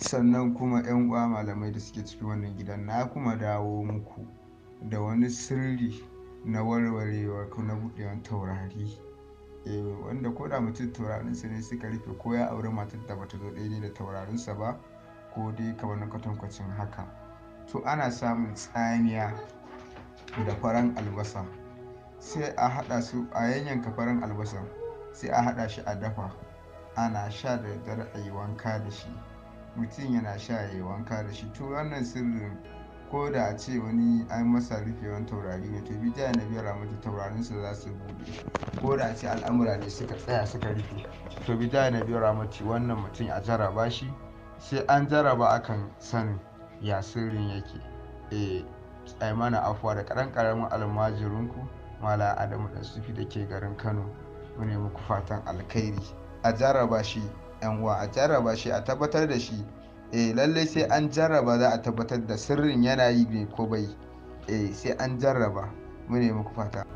sannan kuma 'yan uwa malamai da suke cikin wannan gidan na kuma dawo muku da wani sirri na warwarewa ko na buɗewar taurari eh, wanda ko da mutum sa ne suka rufe ko ya auri matar da bata zo daidai da taurarin sa ba ko dai kamar na kwatankwacin haka to ana samun tsamiya da faran albasa sai a haɗa su a yanyanka faran albasa sai a haɗa shi a dafa ana sha da daddare a yi wanka da shi mutum yana sha ya yi wanka da shi to wannan sirrin ko da a ce wani an masa wani taurari ne to bija na biyar taurarin su za su buɗe ko da a ce al'amura ne suka tsaya suka rufe to bija na biyar mutu wannan mutum a jaraba shi sai an jaraba akan sanin ya sirrin yake E, eh, ai mana afuwa da karan karamin almajirinku mala adamu da sufi da ke garin kano mu ne muku fatan alkhairi a jaraba shi Yanwa a jarraba shi a tabbatar da shi eh lallai sai an jarraba za a tabbatar da sirrin yana yi ne ko bai eh sai an jarraba mu ne muku fata